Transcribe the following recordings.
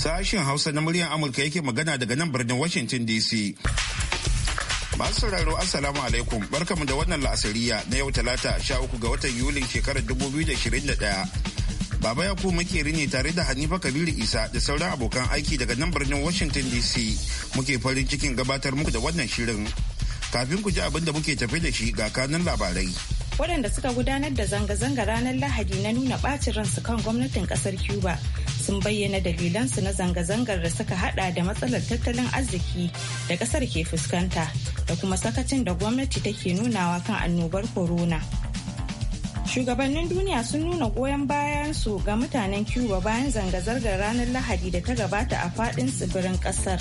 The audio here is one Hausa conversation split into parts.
Sashen Hausa na muryar Amurka yake magana daga nan birnin Washington DC. Masu sauraro Assalamu alaikum barkamu da wannan la'asariya na yau talata sha uku ga watan Yulin shekarar 2021. Baba ya muke ne tare da Hanifa Kabiru Isa da sauran abokan aiki daga nan birnin Washington DC muke farin cikin gabatar muku da wannan shirin. Kafin ku ji abin da muke tafe da shi ga kanun labarai. waɗanda suka gudanar da zanga-zanga ranar lahadi na nuna ɓacin ransu kan gwamnatin ƙasar cuba sun bayyana dalilansu na zanga-zangar da suka hada da matsalar tattalin arziki da kasar ke fuskanta da kuma sakacin da gwamnati take nunawa kan annobar corona. Shugabannin duniya sun nuna goyon bayansu ga mutanen Cuba bayan zanga-zangar ranar Lahadi da ta gabata a fadin tsibirin kasar.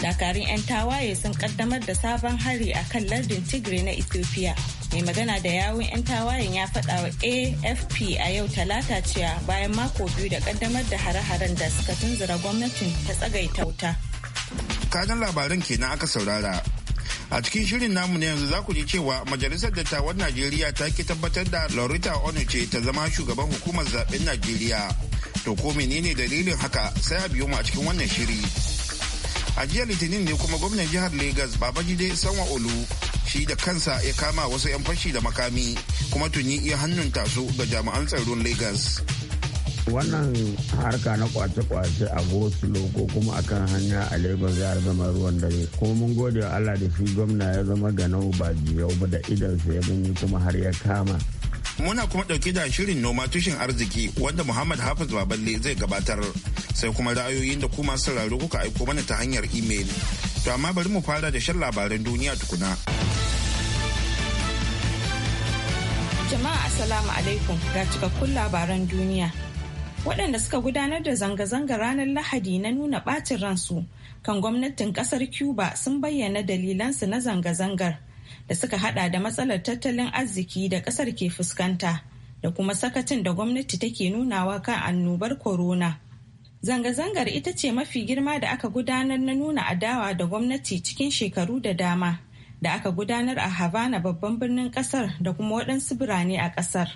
Dakarun 'yan tawaye sun kaddamar da sabon hari a kan lardin Tigray na Ethiopia. mai magana da yawun 'yan tawayen ya faɗa wa afp a yau talata cewa bayan mako biyu da kaddamar da hare-haren da suka tunzura gwamnatin ta tsagaita wuta kanan labaran kenan aka saurara a cikin shirin namu na yanzu za ku ji cewa majalisar dattawan najeriya ta ke tabbatar da lorita onuche ta zama shugaban hukumar zaben najeriya to ko menene dalilin haka sai a biyo mu a cikin wannan shiri a jiya litinin ne kuma gwamnan jihar lagos babajide sanwa olu shi da kansa ya kama wasu 'yan fashi da makami kuma tuni iya hannun su ga jami'an tsaron lagos. wannan harka na kwace-kwace a gosulo ko kuma akan hanya a lagos ya zama ruwan dare kuma mun gode wa allah da shi gwamna ya zama ganau ba jiyau ba da su ya gani kuma har ya kama muna kuma dauke da shirin noma tushen arziki wanda muhammad hafiz baballe zai gabatar sai kuma ra'ayoyin da kuma sauraro kuka aiko mana ta hanyar imel to amma bari mu fara da shan labaran duniya tukuna. Jama'a Assalamu alaikum ga cikakkun labaran duniya. Waɗanda suka gudanar da zanga-zanga ranar Lahadi na nuna ɓacin ransu kan gwamnatin ƙasar Cuba sun bayyana dalilansu na zanga-zangar da suka hada da matsalar tattalin arziki da ƙasar ke fuskanta da kuma sakacin da gwamnati take nunawa kan annobar corona. Zanga-zangar ita ce mafi girma da aka gudanar na nuna adawa da gwamnati cikin shekaru da dama. da aka gudanar a Havana babban birnin kasar da kuma waɗansu birane a kasar.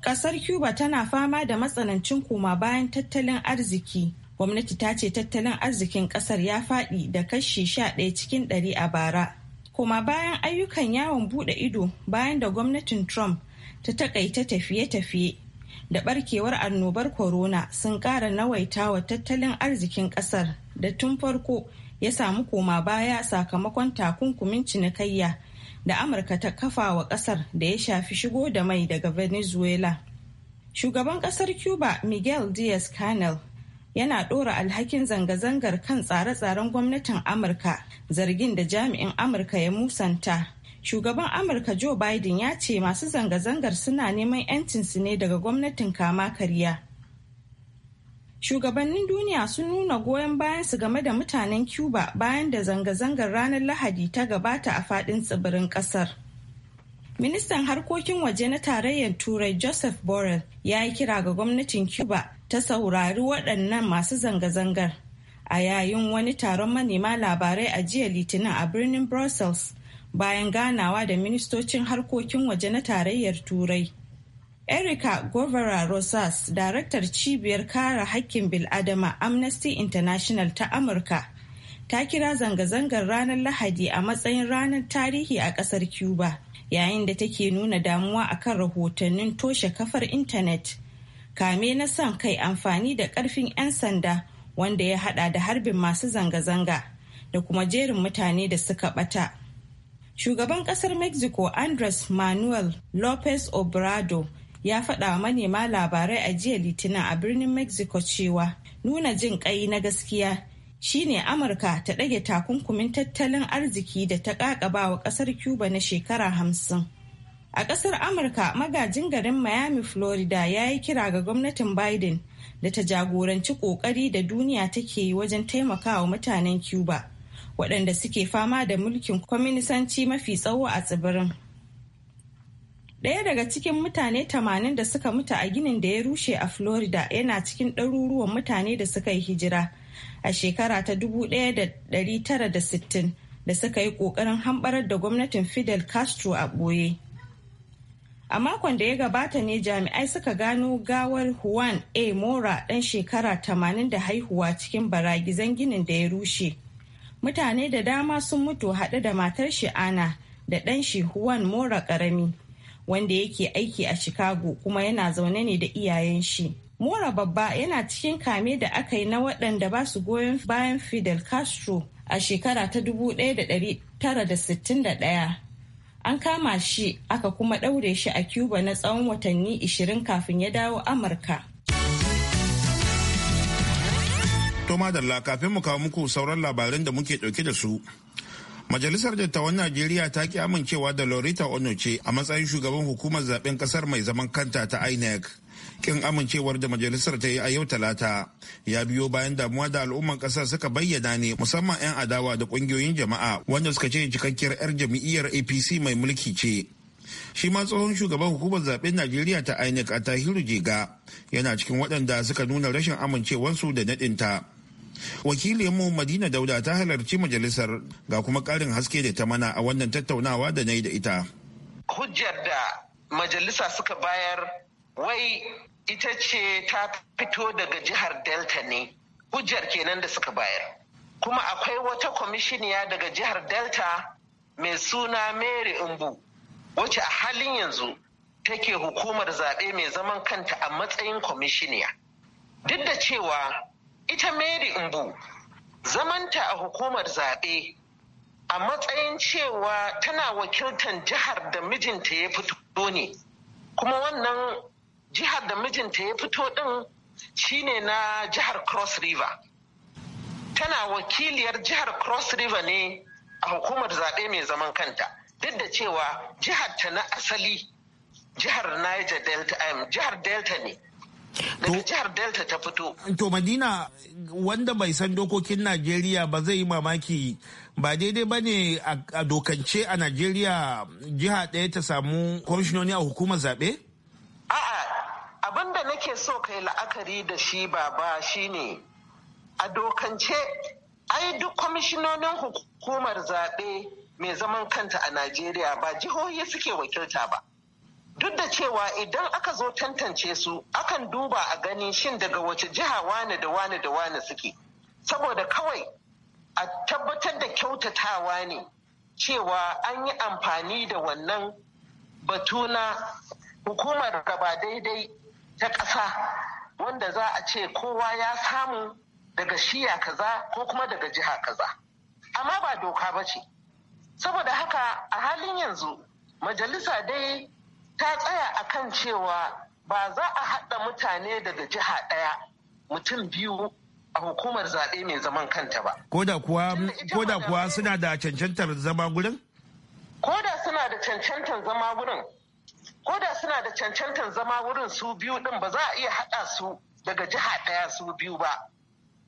Kasar Cuba tana fama da matsanancin koma bayan tattalin arziki. Gwamnati ta ce tattalin arzikin kasar ya faɗi da kashi sha ɗaya cikin ɗari a bara. Koma bayan ayyukan yawon buɗe ido bayan da gwamnatin Trump ta taƙaita tafiye-tafiye da ɓarkewar annobar corona sun ƙara nawaita wa tattalin arzikin ƙasar da tun farko ya samu koma baya sakamakon takunkumin cinikayya da amurka ta kafa wa kasar da ya shafi shigo da mai daga venezuela shugaban kasar cuba miguel diaz canel yana ɗora alhakin zanga-zangar kan tsare-tsaren gwamnatin amurka zargin da jami'in amurka ya musanta shugaban amurka joe biden ya ce masu zanga-zangar suna neman 'yancinsu ne daga gwamnatin kama karya shugabannin duniya sun nuna goyon bayansu game da mutanen cuba bayan da zanga-zangar ranar lahadi ta gabata a fadin tsibirin kasar ministan harkokin waje na tarayyar turai joseph borrell ya yi kira ga gwamnatin cuba ta saurari waɗannan masu zanga-zangar a yayin wani taron manema labarai a jiya litinin a birnin brussels bayan ganawa da ministocin harkokin waje na tarayyar turai Erika Govara Rosas, daraktar cibiyar kare haƙƙin bil'adama Amnesty International ta Amurka, ta kira zanga-zangar ranar Lahadi a matsayin ranar tarihi a ƙasar Cuba, yayin da take nuna damuwa akan rahotannin toshe kafar intanet. Kame na son kai amfani da ƙarfin 'yan sanda wanda ya hada da harbin masu zanga-zanga da kuma jerin mutane da suka bata. Shugaban ƙasar Mexico Andres Manuel Lopez Obrado. ya faɗa wa manema labarai a jiya litinin a birnin mexico cewa nuna jin ƙai na gaskiya shine amurka ta ɗage takunkumin tattalin arziki da ta ƙaƙaba wa ƙasar cuba na shekara hamsin a ƙasar amurka magajin garin miami florida ya yi kira ga gwamnatin biden da ta jagoranci ƙoƙari da duniya take yi wajen taimakawa mutanen cuba waɗanda suke fama da mulkin kwaminisanci mafi tsawo a tsibirin Ɗaya daga cikin mutane 80 da suka mutu a ginin da ya rushe a Florida yana cikin ɗaruruwan mutane da suka yi hijira a shekara ta 1960 da suka yi ƙoƙarin hamɓarar da gwamnatin Fidel Castro a ɓoye. A makon da ya gabata ne jami'ai suka gano gawar Juan A. Mora ɗan shekara 80 da haihuwa cikin baragizan ginin da ya rushe. Mutane da dama sun mutu haɗe da matar shi Ana da ɗan shi Juan Mora ƙarami. wanda yake aiki a Chicago kuma yana zaune ne da iyayen shi. Mora babba yana cikin kame da aka yi na waɗanda ba su goyon bayan Fidel Castro a shekara ta 1961. An kama shi aka kuma ɗaure shi a Cuba na tsawon watanni 20 kafin ya dawo Amurka. Toma madalla kafin mu kawo muku sauran labarin da muke ɗauke da su. Majalisar Dattawan Najeriya ta ki amincewa da Lorita Onoche a matsayin shugaban hukumar zaben kasar mai zaman kanta ta INEC. Kin amincewar da majalisar ta yi a yau talata ya biyo bayan damuwa da al'umman kasar suka bayyana ne musamman 'yan adawa da kungiyoyin jama'a wanda suka ce cikakkiyar 'yar jam'iyyar APC mai mulki ce. Shi ma tsohon shugaban hukumar zaben Najeriya ta INEC a Tahiru Jega yana cikin waɗanda suka nuna rashin amincewarsu da naɗinta. mu madina dauda ta halarci majalisar ga kuma karin haske da ta mana a wannan tattaunawa da na yi da ita hujjar da majalisa suka bayar wai ita ce ta fito daga jihar delta ne hujjar kenan da suka bayar kuma akwai wata kwamishiniya daga jihar delta mai suna mary umbu wacce a halin yanzu take hukumar zaɓe mai zaman kanta a matsayin kwamishiniya duk da cewa ita mary umbu zamanta a hukumar zaɓe a matsayin cewa tana wakiltar jihar da mijinta ya fito ne kuma wannan jihar da mijinta ya fito ɗin shine na jihar cross river tana wakiliyar jihar cross river ne a hukumar zaɓe mai zaman kanta duk da cewa jihar ta na asali jihar niger delta jihar delta ne daga jihar delta ta fito to madina wanda bai san dokokin najeriya ba zai yi mamaki ba daidai ba ne a dokance a najeriya jiha ɗaya ta samu kwamishinoni a hukumar zaɓe a'a abin da nake so kai la'akari da shi baba shine a dokance ai duk kwamishinonin hukumar zaɓe mai zaman kanta a najeriya ba jihohi suke wakilta ba duk da cewa idan aka zo tantance su akan duba a gani shin daga wace jiha wane da wane da wane suke saboda kawai a tabbatar da kyautatawa ne cewa an yi amfani da wannan batu na hukumar gaba daidai ta ƙasa wanda za a ce kowa ya samu daga shiya kaza ko kuma daga jiha kaza amma ba doka ba ce saboda haka a halin yanzu majalisa dai ta tsaya a kan cewa ba za a haɗa mutane daga jiha ɗaya mutum biyu a hukumar zaɓe mai zaman kanta ba. da kuwa suna da cancantar zama gurin? da suna da cancantar zama gurin. da suna da cancantar zama wurin su biyu ɗin ba za a iya haɗa su daga jiha ɗaya su biyu ba.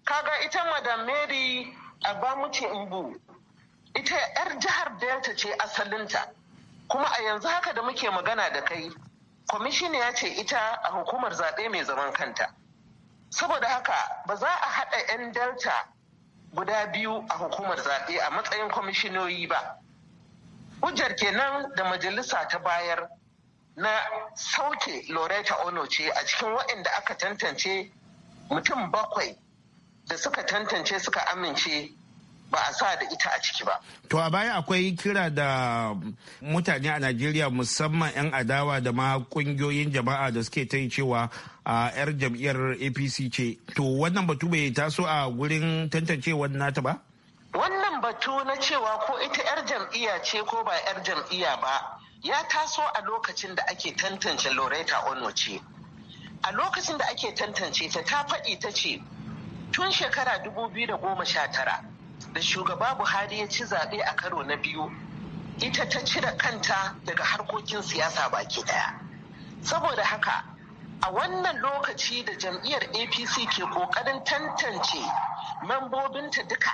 Kaga ita Madam Mary Abamuchi Mbu, ita 'yar jihar Delta ce asalinta. kuma a yanzu haka da muke magana da kai kwamishiniya ya ce ita a hukumar zaɓe mai zaman kanta saboda haka ba za a haɗa 'yan delta guda biyu a hukumar zaɓe a matsayin kwamishinoyi ba hujjar kenan da majalisa ta bayar na sauke loretta ono ce a cikin waɗanda aka tantance mutum bakwai da suka tantance suka amince ba a sa da ita a ciki ba. To a baya akwai kira da mutane a Najeriya musamman 'yan adawa da ma kungiyoyin jama'a da suke ta cewa a 'yar jam'iyyar APC ce. To wannan batu bai taso a gurin tantancewar nata ba? Wannan batu na cewa ko ita 'yar jam'iyya ce ko ba 'yar jam'iyya ba ya taso a lokacin da ake tantance Loretta Ono ce. A lokacin da ake tantance ta ta faɗi ta ce tun shekara da goma sha tara." da shugaba buhari ya ci zaɓe a karo na biyu ita ta cire kanta daga harkokin siyasa baki daya saboda haka a wannan lokaci da jam'iyyar apc ke ƙoƙarin tantance mambobinta duka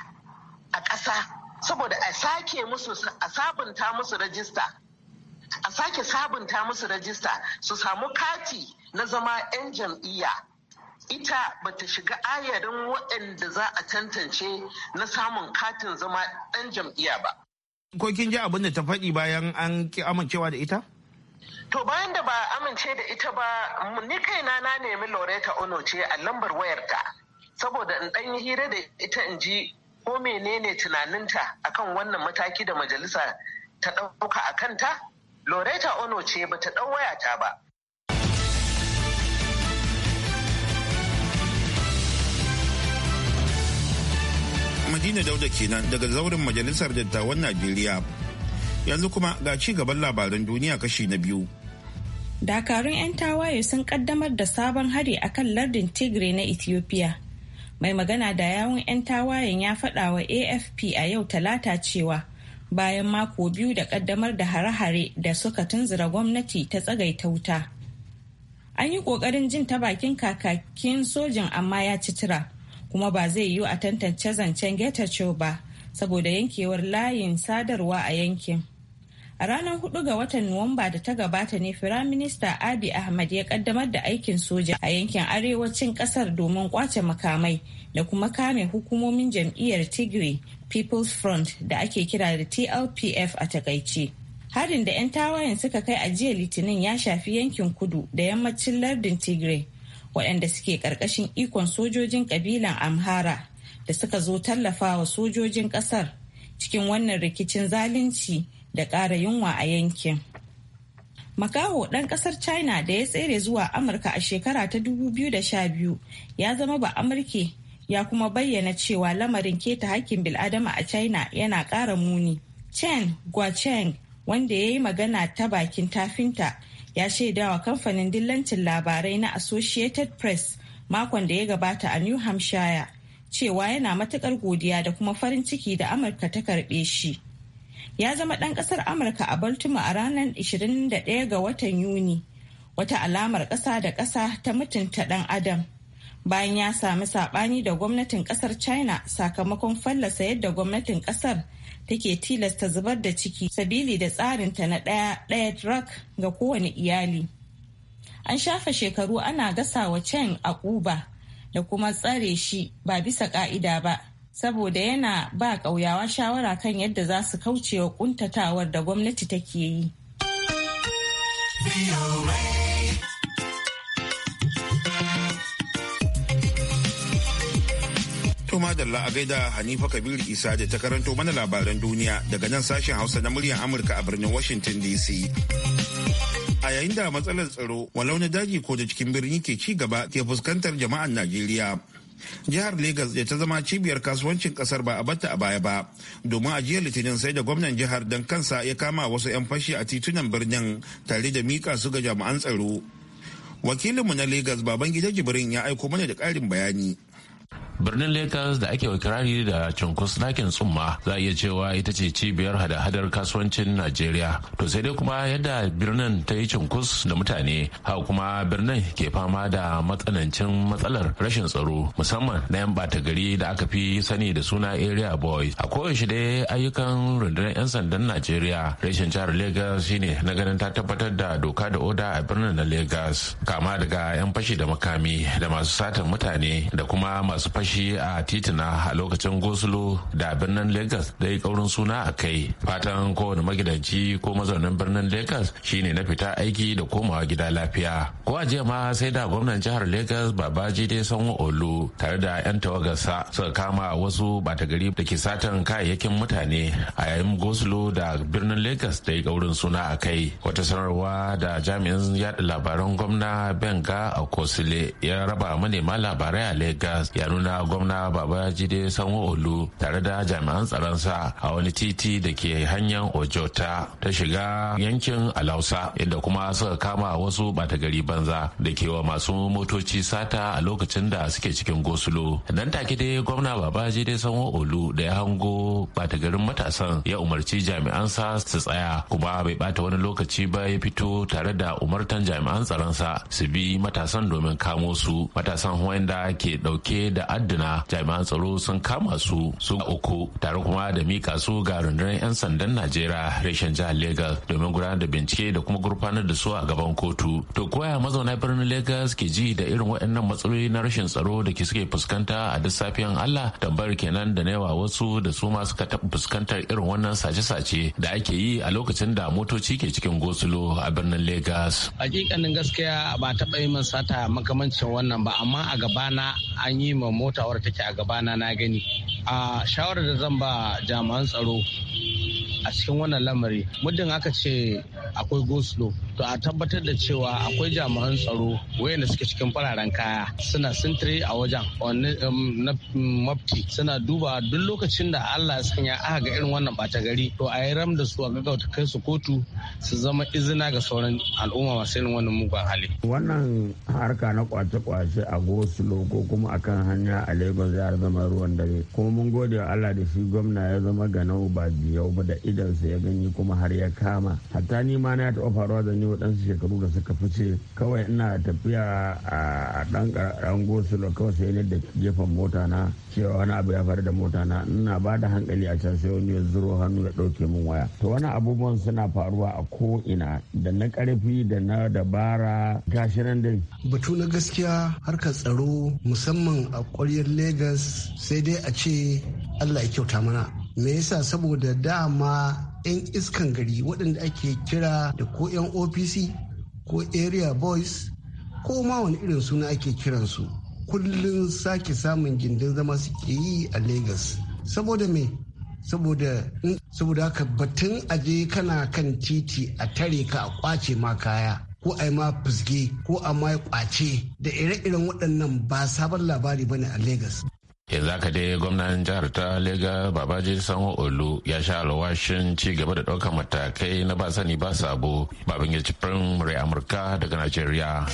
a ƙasa saboda a sake musu a sabunta musu rajista a sake sabunta musu rajista su samu kati na zama 'yan jam'iyya ita bata shiga ayarin waɗanda za a tantance na samun katin zama ɗan jam'iyya ba. Ko kin ji abin da ta faɗi bayan an ki amincewa da ita? To bayan da ba amince da ita ba, ni kaina na nemi Loretta Ono ce a lambar wayarta. Saboda in ɗan yi hira da ita in ji ko menene tunaninta akan wannan mataki da majalisa ta ɗauka a kanta? Loretta Ono ce bata ɗau wayata ba. Madina Dauda kenan daga zauren Majalisar Dattawan Najeriya. Yanzu kuma ga ci gaban labaran duniya kashi na biyu. Dakarun 'yan tawaye sun kaddamar da sabon hari a kan lardin Tigray na Ethiopia. Mai magana da yawun 'yan tawayen ya faɗa wa AFP a yau talata cewa bayan mako biyu da kaddamar da hare-hare da suka tunzura gwamnati ta tsagaita wuta. An yi ƙoƙarin jin ta bakin kakakin sojin amma ya ci tira. kuma ba zai yiwu a tantance zancen getacho ba saboda yankewar layin sadarwa a yankin a ranar 4 ga watan nuwamba da ta gabata ne firaminista abi ahmad ya kaddamar da aikin soja a yankin arewacin kasar domin kwace makamai da kuma kame hukumomin jam'iyyar tigray people's front da ake kira da tlpf a takaice harin da 'yan tawayen suka kai a jiya litinin ya shafi yankin kudu da yammacin lardin tigray waɗanda suke ƙarƙashin ikon sojojin ƙabilan amhara da suka zo tallafawa sojojin ƙasar cikin wannan rikicin zalunci da ƙara yunwa a yankin. Makaho ɗan ƙasar China da ya tsere zuwa Amurka a shekara ta 2012 ya zama ba Amurke ya kuma bayyana cewa lamarin keta hakkin bil'adama a China yana ƙara muni. Chen Guacheng wanda ya yi magana ta bakin tafinta ya shaida wa kamfanin dillancin labarai na associated press makon da ya gabata a new hampshire cewa yana matukar godiya da kuma farin ciki da amurka ta karbe shi ya zama dan kasar amurka a baltimore a ranar 21 ga watan yuni wata alamar kasa da kasa ta mutunta dan adam bayan ya sami saɓani da gwamnatin kasar china sakamakon fallasa yadda gwamnatin kasar. take tilasta zubar da ciki sabili da tsarinta na ɗaya ɗaya rak ga kowane iyali. An shafa shekaru ana gasawa Chen a ƙuba da kuma tsare shi ba bisa ka'ida ba, saboda yana ba ƙauyawa shawara kan yadda za su kaucewa ƙuntatawar da gwamnati take yi. To madalla a gaida Hanifa Kabir Isa da ta karanto mana labaran duniya daga nan sashen Hausa na muryar Amurka a birnin Washington DC. A yayin da matsalar tsaro walau na daji ko da cikin birni ke ci gaba ke fuskantar jama'an Najeriya. jihar Legas da ta zama cibiyar kasuwancin kasar ba a batta a baya ba domin ajiyar litinin sai da gwamnan jihar don kansa ya kama wasu 'yan fashi a titunan birnin tare da mika su ga jami'an tsaro wakilinmu na Legas baban gida jibrin ya aiko mana da ƙarin bayani birnin lagos da ake kirari da cunkus nakin tsumma za a iya cewa ita ce cibiyar hada-hadar kasuwancin najeriya to sai dai kuma yadda birnin ta yi cunkus da mutane ha kuma birnin ke fama da matsanancin matsalar rashin tsaro musamman na yan bata gari da aka fi sani da suna area boys a koyaushe dai ayyukan rundunar 'yan sandan najeriya rashin jihar lagos shine na ganin ta tabbatar da doka da oda a birnin na lagos kama daga 'yan fashi da makami da masu satan mutane da kuma masu fashi shi a titina a lokacin gosulo da birnin lagos da ya kaurin suna a kai fatan kowane magidanci ko mazaunin birnin lagos shine na fita aiki da komawa gida lafiya ko a jiya ma sai da gwamnan jihar lagos dai san olu tare da 'yan tawagarsa suka kama wasu bata gari da ke satan kayayyakin mutane a yayin gosulo da birnin lagos da ya kaurin suna a kai wata sanarwa da jami'in yada labaran gwamna benga a kosile ya raba manema labarai a lagos ya nuna da gwamna babajide sanwo-olu tare da jami'an tsaronsa a wani titi da ke hanyar ojota ta shiga yankin alausa inda kuma suka kama wasu bata gari banza da ke wa masu motoci sata a lokacin da suke cikin gosulo nan take dai gwamna babajide sanwo-olu da ya hango bata garin matasan ya umarci jami'ansa su tsaya kuma bai bata wani lokaci ba ya fito tare da umartan jami'an tsaronsa su bi matasan domin kamo su matasan wanda ke dauke da ta'adduna jami'an tsaro sun kama su su uku tare kuma da mika su ga rundunar 'yan sandan najeriya reshen jihar lagos domin gudanar da bincike da kuma gurfanar da su a gaban kotu to koya mazauna birnin legas ke ji da irin waɗannan matsaloli na rashin tsaro da ke suke fuskanta a duk safiyan allah tambayar kenan da yawa wasu da su ma suka taɓa fuskantar irin wannan sace-sace da ake yi a lokacin da motoci ke cikin gosulo a birnin lagos hakikanin gaskiya ba taɓa yi min sata makamancin wannan ba amma a gabana an yi ma hutawar take a gabana na gani a shawarar da zan ba jami'an tsaro a cikin wannan lamari muddin aka ce akwai goslo to a tabbatar da cewa akwai jami'an tsaro wayanda suke cikin fararen kaya suna sintiri a wajen um, na mafti suna duba duk lokacin da allah ya sanya aka ga irin wannan bata gari to a yi ram da su a gaggauta kai su kotu su zama izina ga sauran al'umma masu irin wannan mugun hali wannan harka na kwace-kwace a goslo ko kuma akan hanya a lagos ya zama ruwan dare kuma mun gode wa allah da shi gwamna ya zama ganau ba biyau ba da idansa ya gani kuma har ya kama hatta ni ma na taɓa faruwa da ni waɗansu shekaru da suka fice kawai ina tafiya a ɗan ƙarƙarar gosulo kawai sai ne da gefen mota na cewa wani abu ya faru da mota na ina ba da hankali a can sai wani ya zuro hannu ya ɗauke min waya to wani abubuwan suna faruwa a ko ina da na ƙarfi da na dabara gashi nan dai batu na gaskiya harkar tsaro musamman a wariyar legas sai dai a ce allah ya kyauta mana me yasa saboda dama 'yan iskan gari waɗanda ake kira da ko 'yan opc ko area boys ko ma wani irin suna ake kiransu kullum sake samun gindin zama suke yi a legas. saboda me saboda saboda haka batun aje kana kan titi a tare ka a kwace ma kaya ko a ma fusge ko a ma kwace da ire-iren waɗannan ba sabon labari bane a Legas. yanzu haka dai gwamnan jihar ta lega babaji sanwo olu ya sha alwashin ci gaba da ɗaukar matakai na ba sani ba sabo babin ya ci amurka daga najeriya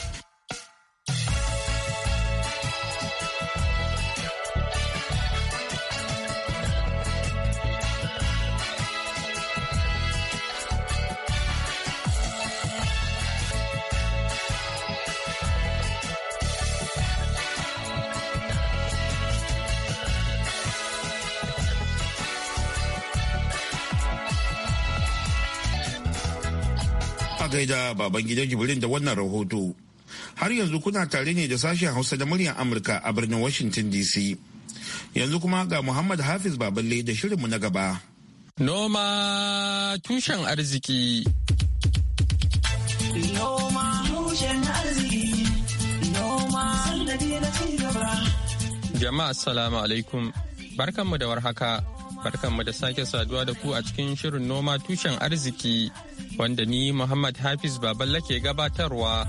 gaida baban gidan jibrin da wannan rahoto har yanzu kuna tare ne da sashen hausa da muryar amurka a birnin washington dc yanzu kuma ga muhammad hafiz baballe da shirinmu na gaba noma tushen arziki jama'a assalamu alaikum barkanmu da warhaka mu da sake saduwa da ku a cikin shirin noma tushen arziki wanda ni Muhammad Hafiz Baballa ke gabatarwa.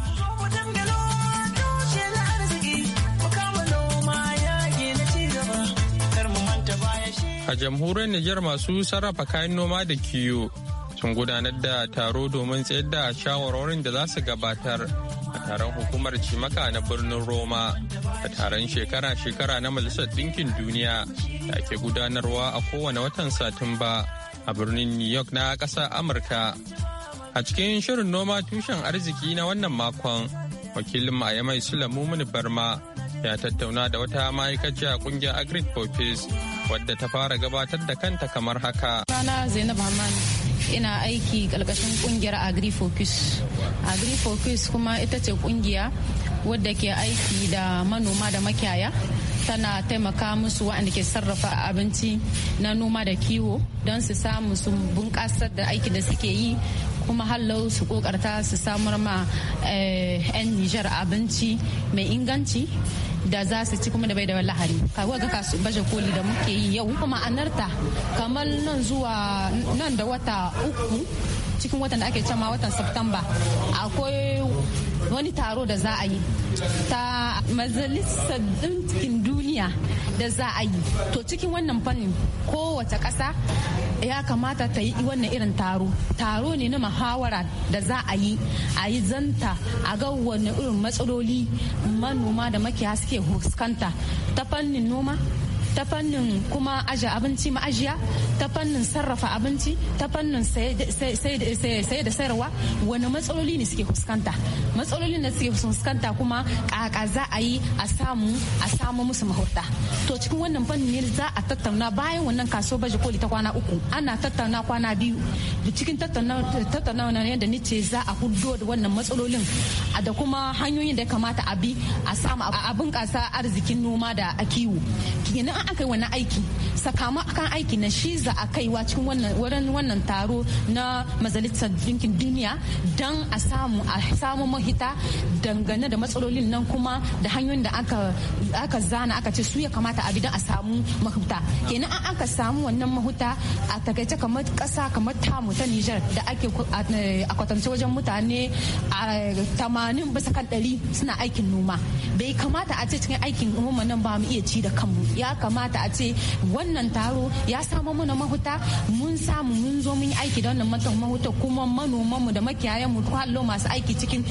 A jamhuriyar Nijar masu sarrafa kayan noma da kiyo sun gudanar da taro domin tsayar da shawarwarin da za su gabatar a taron hukumar cimaka na birnin Roma. taron shekara-shekara na Majalisar Ɗinkin Duniya da ke gudanarwa a kowane watan Satumba a birnin New York na ƙasar Amurka. A cikin shirin noma tushen arziki na wannan makon, wakilin Ayamai Sulamumin Barma ya tattauna da wata ma'aikaciya kungiyar Agric Office wadda ta fara gabatar da kanta kamar haka. ina aiki ƙarƙashin focus agri focus kuma ita ce kungiya wadda ke aiki da manoma da makiyaya tana taimaka musu waɗanda ke sarrafa abinci na noma da kiwo don su samu su bunƙasar da aiki da suke yi kuma hallau su kokarta su samar ma eh, 'yan nijar abinci mai inganci da za su ci kuma da bai da lahari kawo ga kasu baje koli da muke yi yau kuma anarta kamar nan zuwa nan da wata uku cikin watan da ake cewa watan september akwai wani taro da za a yi ta majalisar dinkin hanya da za a yi to cikin wannan fannin kowace ƙasa ya kamata ta yi wannan irin taro taro ne na muhawara da za a yi a yi zanta a ga wani irin matsaloli manoma da makiya suke fuskanta ta fannin noma ta fannin kuma aje abinci ma'ajiya ta fannin sarrafa abinci ta fannin sai da sayarwa wani matsaloli ne suke fuskanta matsalolin da suke fuskanta kuma kaka za a yi a samu a samu musu mahurta to cikin wannan fannin ne za a tattauna bayan wannan kaso baje koli ta kwana uku ana tattauna kwana biyu da cikin tattauna na yadda nice za a hudo da wannan matsalolin da kuma hanyoyin da ya kamata a bi a samu abin kasa arzikin noma da kiwo kenan aka yi wannan aiki sakamakon aiki na shi za a kaiwa cikin wannan wannan taro na majalisar dinkin duniya don a samu a samu mahita dangane da matsalolin nan kuma da hanyoyin da aka zana aka ce su ya kamata a don a samu mahuta kenan an aka samu wannan mahuta a takaice kamar kasa kamar tamu ta Nijar da ake a kwatance wajen mutane a tamanin bisa kan 100 suna aikin noma bai kamata a ce cikin aikin noma nan ba mu iya ci da kanmu ya kamata a ce wannan taro ya samu mana mahuta mun samu mun zo mun yi aiki da wannan mahuta kuma manomanmu da mu kwallo masu aiki cikin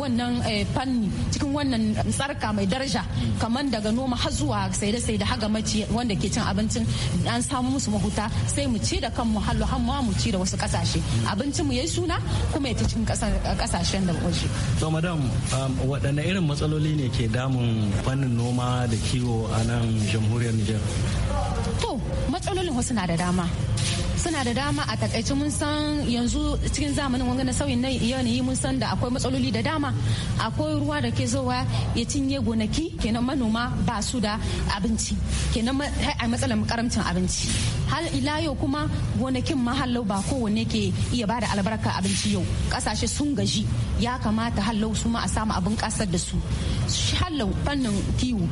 wannan eh, fanni cikin wannan tsarka mai daraja kamar daga noma har zuwa sai da sai da haga maci wanda ke cin abincin an samu musu mahuta sai mu ci da kanmu hallo har mu ci da wasu kasashe abincin mu yayi suna kuma ya ta cikin kasashen da waje to madam um, waɗanne irin matsaloli ne ke damun fannin noma da kiwo a nan jamhuriyar Nijar? To, matsalolin wasu na da dama. suna da dama a takaice mun san yanzu cikin zamanin wanga na sauyin na yanayi mun san da akwai matsaloli da dama akwai ruwa da ke zowa ya cinye gonaki kenan manoma ba su da abinci kenan a matsalar karamcin abinci har ila yau kuma gonakin ma ba kowanne ke iya bada albarka abinci yau kasashe sun gaji ya kamata hallau su ma a samu abin kasar da su hallau fannin kiwo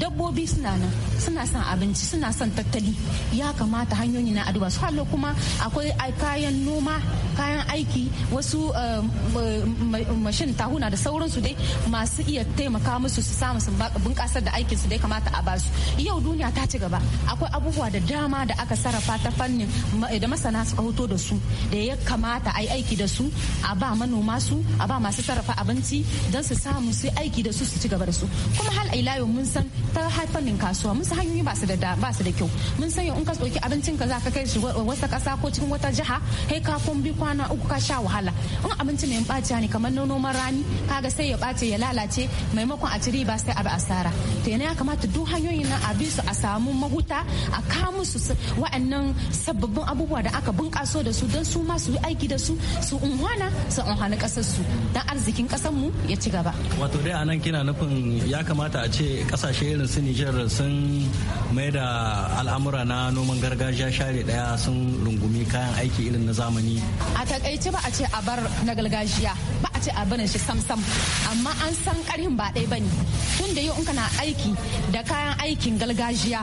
dabbobi suna nan suna son abinci suna son tattali ya kamata hanyoyi na aduba su hallau kuma akwai kayan noma kayan aiki wasu eh, mashin tahuna da sauransu dai masu iya taimaka musu su samu su bunƙasar da aikin su dai kamata a basu yau duniya ta ci gaba akwai abubuwa da dama da aka sarrafa ta fannin da masana suka hoto da su da ya kamata a yi aiki da su a ba manoma su a ba masu sarrafa abinci don su samu su aiki da su su ci gaba da su kuma hal ilayo mun san ta fannin kasuwa mun san hanyoyi ba su da kyau mun san yau in ka tsoki abincin ka za ka kai shi wasu wata kasa ko cikin wata jiha hai kafin bi kwana uku ka sha wahala in abinci mai bacewa ne kamar noman rani kaga sai ya bace ya lalace maimakon a ciri ba sai a bi asara to yana ya kamata duk hanyoyin nan a bi su a samu mahuta a kawo musu wa'annan sababbin abubuwa da aka bunƙaso da su don su ma su yi aiki da su su unhwana su unhwani ƙasar su don arzikin ƙasar mu ya ci gaba wato dai anan kina nufin ya kamata a ce kasashe irin su Nijar sun mai da al'amura na noman gargajiya share daya sun rungumi kayan aiki irin na zamani a takaice ba a ce a bar na gargajiya a ce a shi sam sam amma an san karin ba ɗaya bane tun da yau kana aiki da kayan aikin galgajiya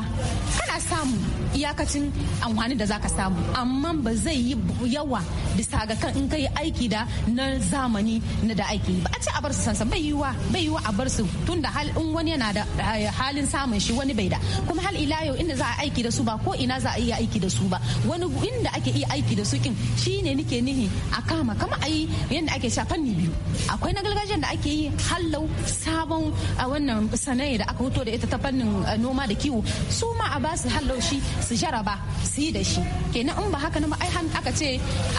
kana samu iyakacin amfani da zaka samu amma ba zai yi yawa bisa ga kan in kai aiki da na zamani na da aiki ba a ce a bar su sansan bai yiwa bai yiwa a bar su tun da hal in wani yana da eh, halin samun shi wani bai da kuma hal ila yau inda za a aiki da su ba ko ina za a iya aiki da su ba wani inda ake iya aiki da su kin shine nike nihi a kama kama ayi yanda ake sha fanni biyu akwai na gargajiyar da ake yi hallau sabon a wannan sanayi da aka hoto da ita ta fannin noma da kiwo su ma a basu hallau shi su jaraba su yi da shi kenan in ba haka na ai aka ce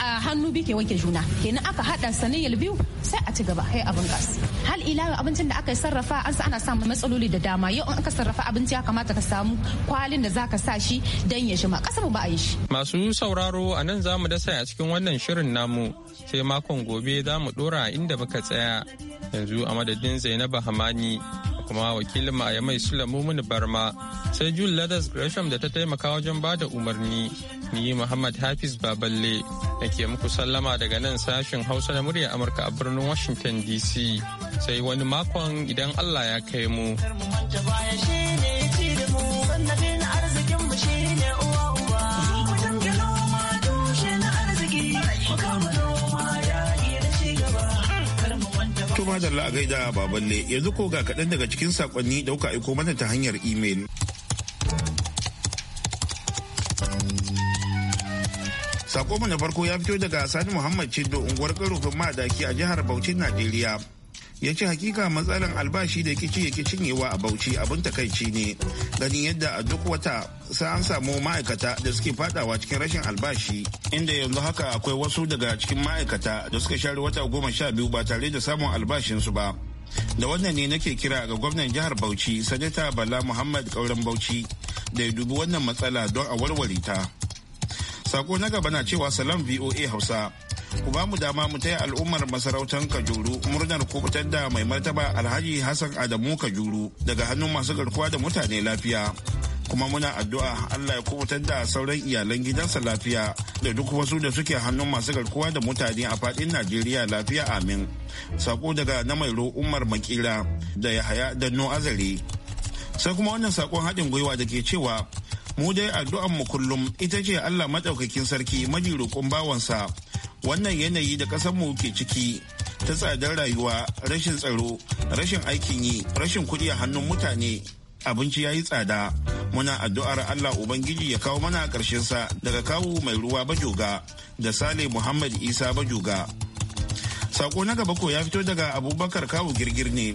a hannu biyu ke wanke juna kenan aka hada sanayyar biyu sai a ci gaba yi abin gas hal ila abincin da aka sarrafa an ana samun matsaloli da dama yau in aka sarrafa abinci ya kamata ka samu kwalin da zaka sa shi dan ya ma kasar ba a yi shi masu sauraro a nan zamu dasa a cikin wannan shirin namu sai makon gobe za mu dora inda muka tsaya yanzu a madadin zainab hamani kuma wakilin ma mai sulamu mini barma sai jul ladas gresham da ta taimaka wajen ba da umarni ni muhammad hafiz baballe da ke muku sallama daga nan sashen hausa na murya amurka a birnin washington dc sai wani makon idan allah ya kai mu. da la'agai da baballe yanzu ko ga kaɗan daga cikin sakonni da kuka aiko mana ta hanyar imel. Sako mu na farko ya fito daga Sani Muhammad Chido unguwar karufin madaki a jihar Bauchi, Najeriya. ya ce hakika matsalar albashi da kici ya cinyewa a bauchi abin takaici ne ganin yadda a duk wata sai an samu ma'aikata da suke fadawa cikin rashin albashi inda yanzu haka akwai wasu daga cikin ma'aikata da suka share wata goma sha biyu ba tare da samun albashinsu ba da wannan ne nake kira ga gwamnan jihar bauchi sanata bala muhammad kauran bauchi da ya dubi wannan matsala don a warware ta sako na gaba na cewa salam voa hausa ku ba mu dama mu taya al'ummar masarautar kajuru murnar fitar da mai martaba alhaji hassan adamu kajuru daga hannun masu garkuwa da mutane lafiya kuma muna addu'a allah ya kubutar da sauran iyalan gidansa lafiya da duk wasu da suke hannun masu garkuwa da mutane a fadin najeriya lafiya amin sako daga na mai umar makila da yahaya da no azare sai kuma wannan sakon haɗin gwiwa da ke cewa mu dai addu'ar mu kullum ita ce Allah maɗaukakin sarki maji bawansa wannan yanayi da ƙasarmu ke ciki ta tsadar rayuwa rashin tsaro rashin aikin yi rashin kuɗi a hannun mutane abinci ya yi tsada muna addu'ar allah ubangiji ya kawo mana sa daga kawu mai ruwa bajoga da sale muhammad isa bajoga sako na gaba ko ya fito daga abubakar kawu girgir ne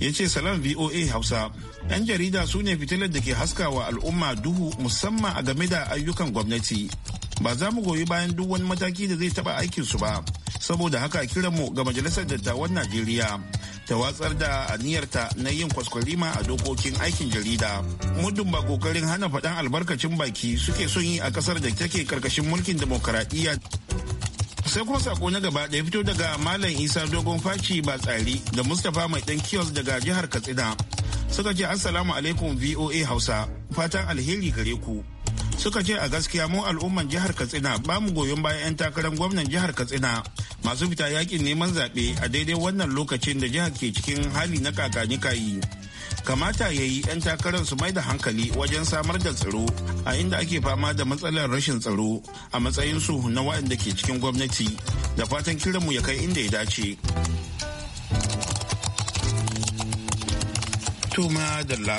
ya ce salam voa hausa yan jarida su ne fitilar da ke haskawa al'umma duhu musamman a game da ayyukan gwamnati ba za mu goyi bayan duk wani mataki da zai taba aikinsu ba saboda haka kiran mu ga majalisar dattawan najeriya ta watsar da aniyarta na yin kwaskwarima a dokokin aikin jarida muddin ba kokarin hana faɗan albarkacin baki suke son yi a ƙasar da take karkashin mulkin demokaradiyya sai kuma sako na gaba da ya fito daga malam isa dogon faci ba tsari da mustapha mai dan kiosk daga jihar katsina suka ce assalamu alaikum voa hausa fatan alheri gare ku suka ce a gaskiya mu al'umman jihar katsina ba mu goyon bayan 'yan takarar gwamnan jihar katsina masu fita yakin neman zaɓe a daidai wannan lokacin da jihar ke cikin hali na kakani kayi kamata ya yi 'yan takarar su mai da hankali wajen samar da tsaro a inda ake fama da matsalar rashin tsaro a matsayinsu na waɗanda ke cikin gwamnati da fatan kiranmu ya kai inda ya dace Tuma Dalla.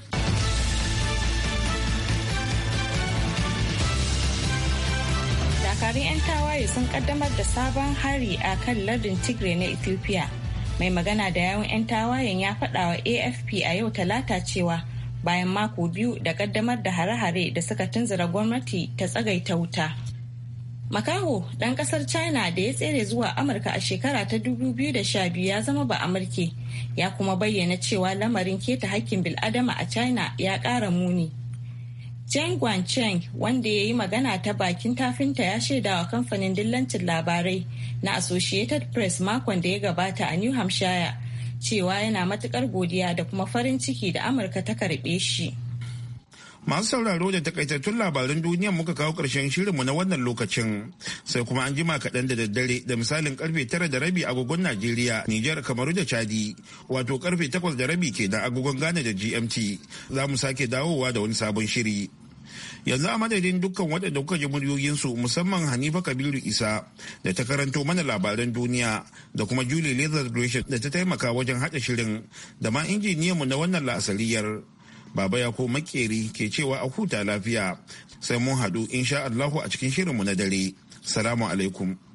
tawaye sun kaddamar da sabon hari a kan lardin tigray na ethiopia mai magana da yawun 'yan tawayen ya faɗa wa afp a yau talata cewa bayan mako biyu da kaddamar da hare-hare da suka tunzura gwamnati ta tsagaita wuta makaho ɗan ƙasar china da ya tsere zuwa amurka a shekara ta 2012 ya zama ba amurke ya kuma bayyana cewa lamarin keta hakkin bil'adama a china ya ƙara muni Jen Guancheng wanda ya yi magana ta bakin tafinta ya shaidawa kamfanin dillancin labarai na Associated Press makon da ya gabata a New Hampshire cewa yana matukar godiya da kuma farin ciki da Amurka ta karbe shi. Masu sauraro da takaitattun labaran duniya muka kawo ƙarshen shirinmu na wannan lokacin sai kuma an jima kaɗan da daddare da misalin karfe tara da rabi agogon Najeriya, Nijar, Kamaru da Chadi, wato karfe takwas da rabi ke da agogon Ghana da GMT za mu sake dawowa da wani sabon shiri. yanzu a madadin dukkan waɗanda kuka ji muryoyinsu musamman hanifa kabiru isa da ta karanto mana labaran duniya da kuma julie leather gresham da ta taimaka wajen haɗa shirin da ma injiniyanmu na wannan la'asariyar baba ya ko makeri ke cewa a huta lafiya sai mun haɗu insha allahu a cikin shirinmu na dare salamu alaikum